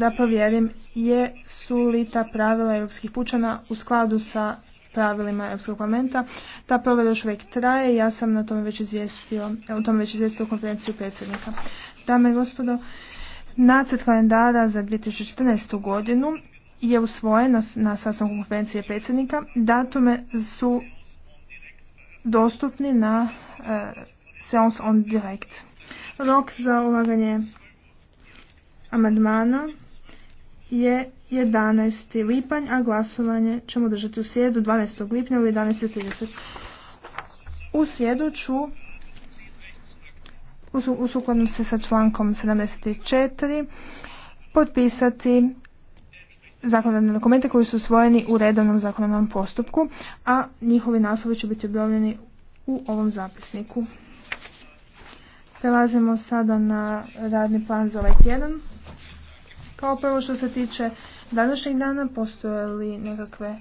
da provjerim je su li ta pravila europskih pučana u skladu sa pravilima Europskog parlamenta. Ta provjera još uvijek traje, ja sam na tome već izvijestio, u tome već izvijestio konferenciju predsjednika. Dame i gospodo, nacrt kalendara za 2014. godinu je usvojen na, na sastanku konferencije predsjednika. Datume su dostupni na uh, Seance on Direct. Rok za ulaganje amandmana je 11. lipanj, a glasovanje ćemo držati u sjedu 12. lipnja u 11.30. U srijedu ću u sukladnosti sa člankom 74 potpisati zakonodavne dokumente koji su usvojeni u redovnom zakonodavnom postupku, a njihovi naslovi će biti objavljeni u ovom zapisniku. Prelazimo sada na radni plan za ovaj tjedan. Kao prvo što se tiče današnjeg dana, postoje li nekakve